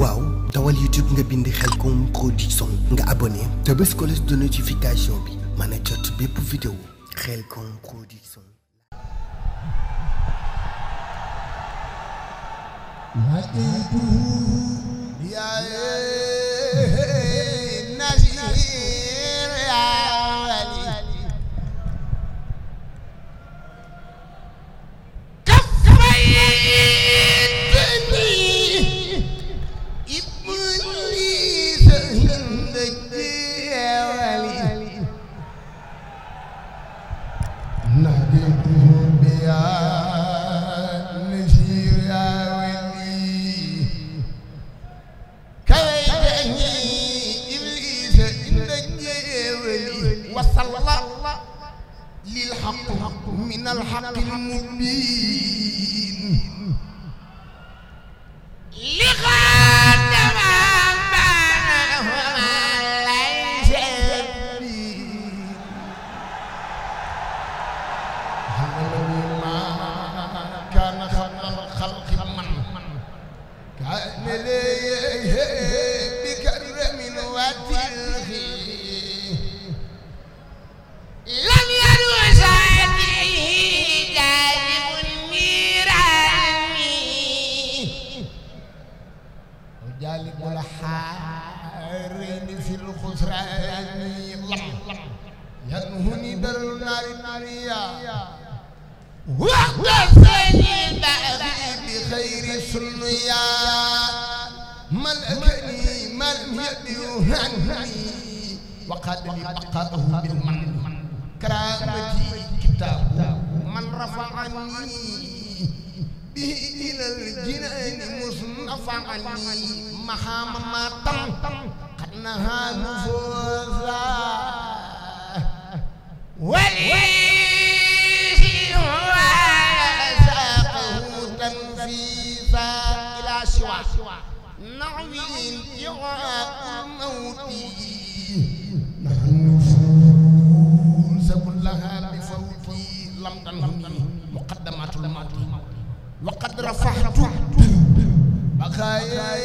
waaw dawal YouTube nga bind Khelcom Production nga abonné te bés cloche de notification bi mën a jot bépp vidéo Khelcom Production yaa مبين لقد ما بينهما ليس بين حمل ما كان خلق الخلق من كان ليه بدر النار الدنيا وقفني بعدي بخير سنيا ملكني من يدهني وقد أقره بالمن كرامتي كتاب من رفعني به إلى الجنان مصنفعني محام ما تم قد نهى نفوذا ولي هو تنفيذا إلى سوى نعوي انتقاء الموت نحن فوز كلها بفوت لم تنهني مقدمات الموت وقد رفعت بقايا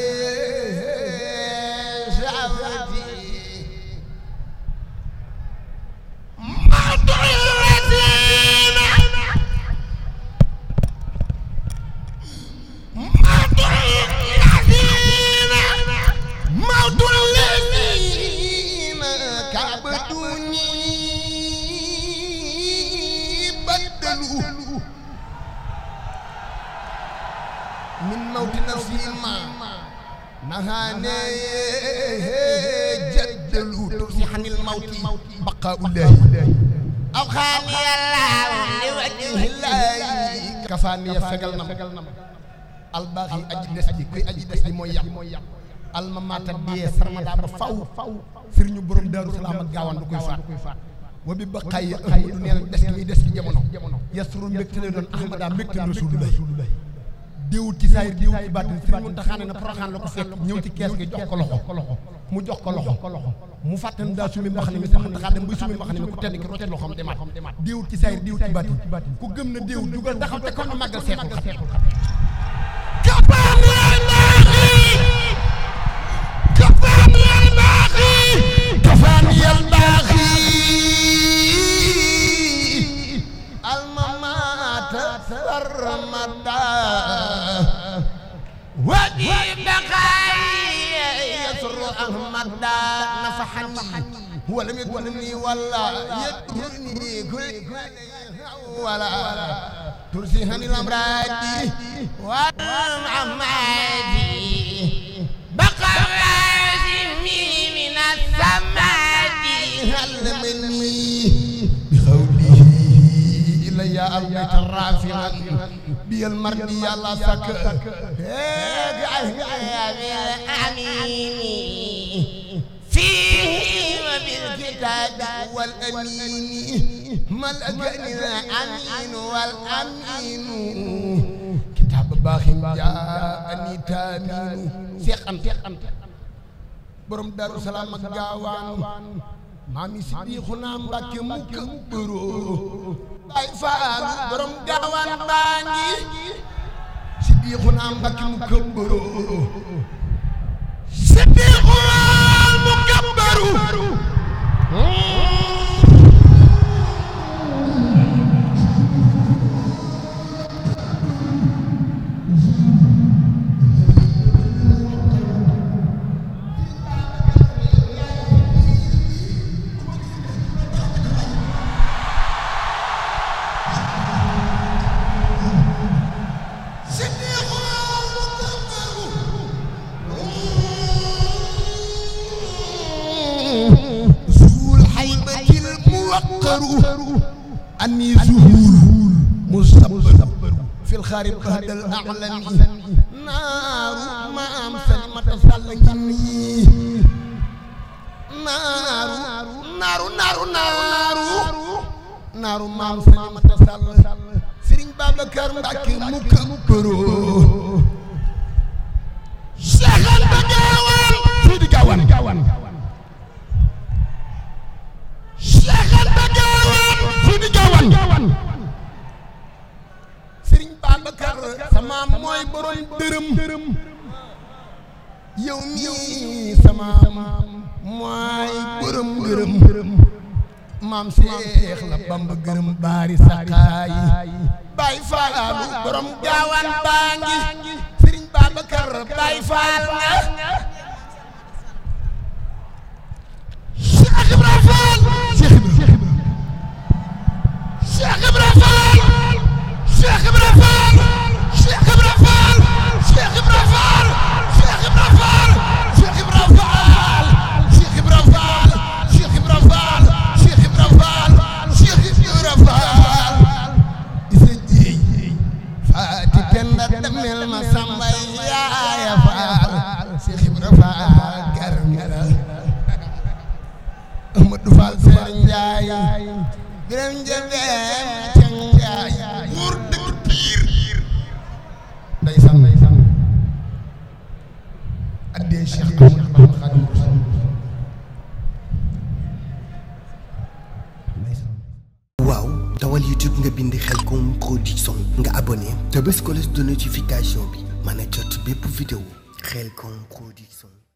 عبدوني بدلوا من موت نفسي ما نهاني جدلوا ترسي عن الموت بقاء الله أو خاني الله لوجه الله كفاني فقلنا الباغي أجي دسلي كي أجي دسلي مويا almamaata diyee sarmadaa ba faw faw sëriñu borom daaru salaam ak gaawaan du koy faat wa bi baqaay ahmadu nee na des muy des ci jamono yasuru mbégte lay doon ahmadaa mbégte rasulullah déewut ci saayir déewut ci baatin sëriñ Muntaxa ne na poroxaan la ko fekk ñëw loxo mu jox ko loxo mu fàttan daa sumi mbaxane mi sax Muntaxa dem bay sumi mi ku tenn ki rocc loxoom demaat déewut ci saayir déewut ci baatin ku gëm na déewut dugal taxaw te kon na màggal seetul أحمد نفحني هو لم يدرني ولا يدرني ولا ترسيهني الأمراض والمعماد بقى واسمي من السماد هل مني بقوله إلي ألقيت الرافع بي المرضي الله سكر هيك يا أميني بالكتاب والأمين ملأني الأمين والأمين كتاب جاءني تامين mami أني زهور مزبر في الخارب قد الأعلم نار ما أمثل ما تسلقني نار نار نار نار نار ما أمثل ما تسلق سرين باب الكرم داكي مكبرو شغل بجاوان سيدي جاوان yoroon dërëm yow mii mooy borom gërëm maam seex la bamba gërëm baari saxaayi baay faalaalu borom gaawaan baa ngi sëriñ Babacar baay faal nga Mamadou Fall Seer Njaay biram njëndeem ceng njaay nguur dëkk piir day san day san addee Cheikh Ahmad Khadim waaw dawal YouTube nga bind Khelcom Production nga abonné te bés cloche de notification bi mané a jot bépp vidéo Khelcom Production